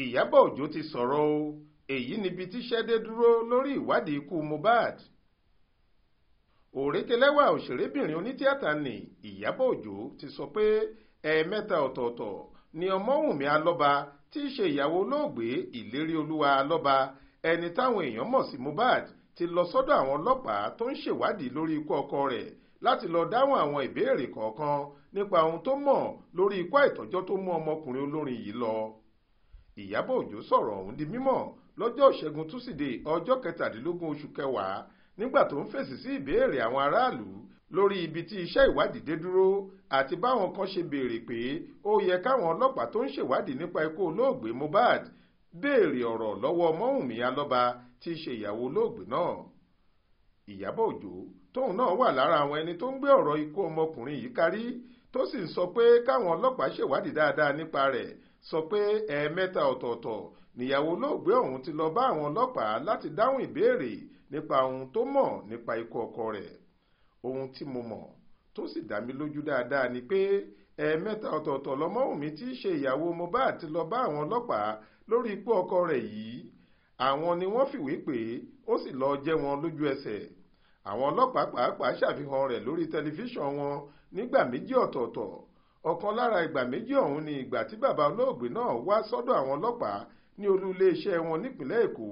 ìyábọ̀ òjó ti sọ̀rọ̀ o èyí níbi tíṣẹ́ dé dúró lórí ìwádìí ikú Mohbad òrékelẹ́wà òṣèrébìnrin onítìátà ni ìyábọ̀ òjó ti sọ pé ẹ̀ẹ̀mẹ́ta ọ̀tọ̀ọ̀tọ̀ ni ọmọwùnmí alọ́ba tí í ṣe ìyàwó olóògbé ìlérí olúwa alọ́ba ẹni táwọn èèyàn mọ̀ sí Mohbad ti lọ sọ́dọ̀ àwọn ọlọ́pàá tó ń ṣèwádìí lórí ikú ọkọ rẹ̀ láti lọ dáhùn àwọn ìbéèrè kọ̀ọ̀kan nípa ohun tó mọ̀ lórí ikú àìtọ́jọ́ tó mú ọmọkùnrin olórin yìí lọ ìyábọ̀ òjó sọ̀rọ̀ ọ̀hún di mímọ̀ lọ́jọ́ ìṣẹ́gun túsídẹ̀ẹ́ ọjọ́ kẹtàdínlógún oṣù kẹwàá nígbà tó ń fèsì sí ìbéèrè àwọn aráàlú lórí ibi tí iṣẹ́ ìwádìí dé dúró àti báwọn kan ṣe béèrè pé ó yẹ káwọn ọlọ́pàá tó ń ṣèwádìí nípa ikú olóògbé Mohbad béèrè ọ̀rọ̀ lọ́wọ́ Mọ́wùnmí Alọ́ba tí í ṣe ìyàwó olóògbé náà Ìyábọ̀ Òjó tóun náà wà lára àwọn ẹni tó ń gbé ọ̀rọ̀ ikú ọmọkùnrin yìí kárí tó sì ń sọ pé káwọn ọlọ́pàá ṣèwádìí dáadáa nípa rẹ̀ sọ pé ẹ̀ẹ̀mẹ́ta ọ̀tọ̀ọ̀tọ̀ nìyàwó olóògbé ọ̀hún ti lọ bá àwọn ọlọ́pàá láti dáhùn ìbéèrè nípa ohun tó mọ̀ nípa ikú ọkọ rẹ̀ ohun tí mo mọ̀ tó sì dá mi lójú dáadáa ni pé ẹ̀ẹ̀mẹ́ta ọ̀tọ̀ọ̀tọ̀ lọ́mọ́wùmí tí í ṣe ìyàwó Mohbad ti lọ bá àwọn ọlọ́pàá lórí ikú ọkọ rẹ̀ yìí àwọn ni wọ́n fìwé pé ó sì lọ jẹ́ wọn lójú ẹsẹ̀ àwọn ọlọ́pàá pàápàá ṣàfihàn rẹ̀ lórí tẹlifíṣàn wọn nígbà méjì ọ̀tọ̀ọ̀tọ̀ ọ̀kan lára ìgbà méjì ọ̀hún ni ìgbà tí bàbá olóògbé náà wá sọ́dọ̀ àwọn ọlọ́pàá ní olú iléeṣẹ́ wọn nípìnlẹ̀ èkó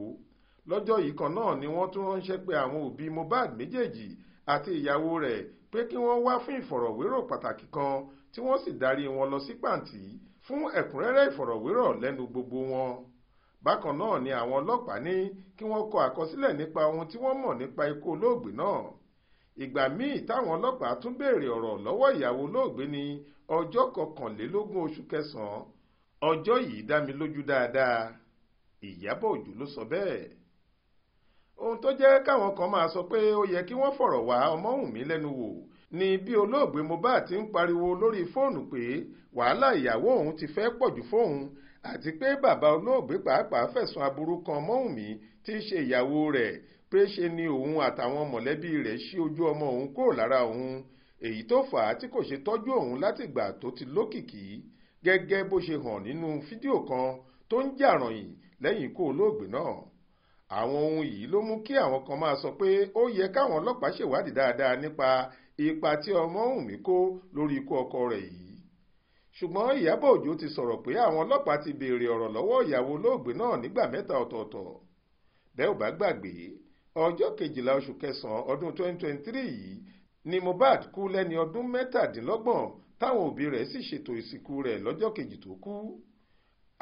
lọ́jọ́ yìí kan náà ni wọ́n tún ránṣẹ́ pé àwọn òbí Mohbad méjèèjì àti ìyàwó rẹ̀ pé kí wọ́n wá fún ìfọ̀rọ̀wérò pàtàkì kan tí wọ́n sì darí wọn lọ sí pàǹtí fún ẹ̀kúnrẹ́rẹ́ ìfọ̀rọ̀wérò lẹ́nu gbogbo wọn bákan náà ni àwọn ọlọ́pàá ní kí wọ́n kọ àkọsílẹ̀ nípa ohun tí wọ́n mọ̀ nípa ikú olóògbé náà ìgbà míì táwọn ọlọ́pàá tún béèrè ọ̀rọ̀ lọ́wọ́ ìyàwó olóògbé ní ọjọ́ kọkànlélógún oṣù kẹsàn-án ọjọ́ yìí dá mi lójú dáadáa ìyábọ̀ òjò ló sọ bẹ́ẹ̀ ohun tó jẹ́ káwọn kan máa sọ pé ó yẹ kí wọ́n fọ̀rọ̀ wá ọmọ́wùnmí lẹ́nu wò ni bí olóògbé Mohbad ti ń pariwo lórí fóònù pé wàhálà ìyàwó òun ti fẹ́ pọ̀jù fóun àti pé bàbá olóògbé pàápàá fẹ̀sùn aburú kan ọmọ́wùnmí tí í ṣe ìyàwó rẹ̀ pé ni òun àtàwọn mọ̀lẹ́bí rẹ̀ ṣí ojú ọmọ òun kúrò lára òun èyí tó fà á tí kò ṣe tọ́jú òun látìgbà tó ti lókìkí gẹ́gẹ́ bó ṣe hàn nínú fídíò kan tó ń jàrànyìn lẹ́yìn ikú olóògbé náà àwọn ohun yìí ló mú kí àwọn kan máa sọ pé ó yẹ káwọn ọlọ́pàá ṣèwádìí dáadáa nípa ipa tí Ọmọ́wùnmí kó lórí ikú ọkọ rẹ̀ yìí ṣùgbọ́n Ìyábọ̀ Òjó ti sọ̀rọ̀ pé àwọn ọlọ́pàá ti béèrè ọ̀rọ̀ lọ́wọ́ ìyàwó olóògbé náà nígbà mẹ́ta ọ̀tọ̀ọ̀tọ̀ bẹ́ẹ̀ ò bá gbàgbé ọjọ́ kejìlá oṣù kẹsàn-án ọdún 2023 yìí ni Mohbad kú lẹ́ni ọdún mẹ́tàdínlọ́gbọ̀n táwọn òbí rẹ̀ sì ṣètò ìsìnkú rẹ̀ lọ́jọ́ kejì tó kú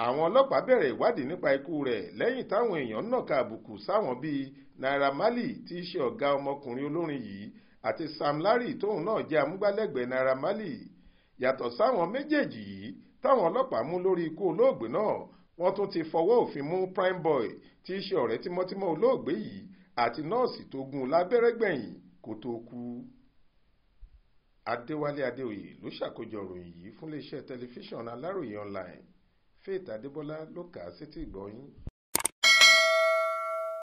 àwọn ọlọ́pàá bẹ̀rẹ̀ ìwádìí nípa ikú rẹ̀ lẹ́yìn táwọn èèyàn nàka àbùkù sáwọn bíi Naira Marley tí í ṣe ọ̀gá ọmọkùnrin olórin yìí àti Sam Larry tóun náà jẹ́ amúgbálẹ́gbẹ̀ẹ́ Naira Marley yàtọ̀ sáwọn méjèèjì yìí táwọn ọlọ́pàá mú lórí ikú olóògbé náà wọ́n tún ti fọwọ́ òfin mú Primeboy tí í ṣe ọ̀rẹ́ tímọ́tímọ́ olóògbé yìí àti nọ́ọ̀sì tó gún un lábẹ́rẹ́ gbẹ̀yìn kó tó kú adéwálé adéoyè ló ṣàkójọ ròyìn yìí fún iléeṣẹ́ tẹlifíṣàn aláròye online faith adébọlá ló kà á sétí ìgbọ́